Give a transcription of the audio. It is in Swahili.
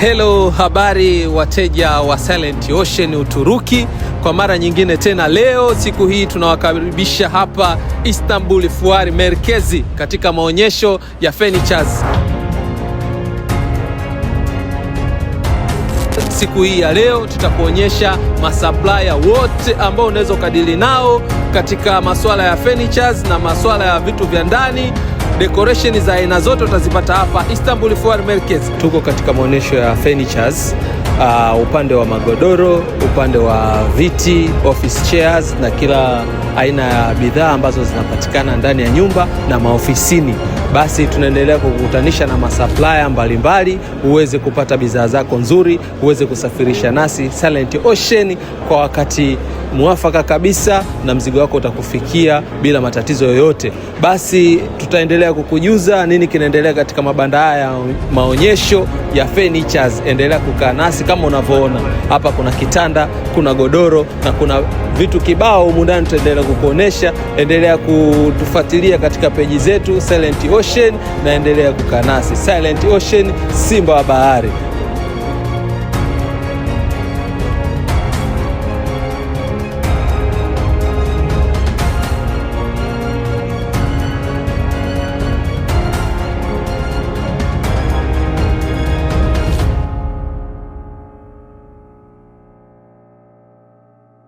Hello, habari wateja wa Silent Ocean Uturuki, kwa mara nyingine tena leo, siku hii tunawakaribisha hapa Istanbul Fuari Merkezi katika maonyesho ya furnitures. Siku hii ya leo tutakuonyesha masupplier wote ambao unaweza ukadili nao katika masuala ya furnitures na masuala ya vitu vya ndani decoration za aina zote utazipata hapa Istanbul Fuar Market. Tuko katika maonyesho ya furnitures uh, upande wa magodoro, upande wa viti, office chairs na kila aina ya bidhaa ambazo zinapatikana ndani ya nyumba na maofisini. Basi tunaendelea kukutanisha na masupplier mbalimbali, uweze kupata bidhaa zako nzuri, uweze kusafirisha nasi Silent Ocean kwa wakati mwafaka kabisa na mzigo wako utakufikia bila matatizo yoyote. Basi tutaendelea kukujuza nini kinaendelea katika mabanda haya ya maonyesho ya furnitures. Endelea kukaa nasi kama unavyoona hapa, kuna kitanda, kuna godoro na kuna vitu kibao humu ndani, tutaendelea kukuonesha. Endelea kutufuatilia katika peji zetu Silent Ocean na endelea kukaa nasi. Silent Ocean, simba wa bahari.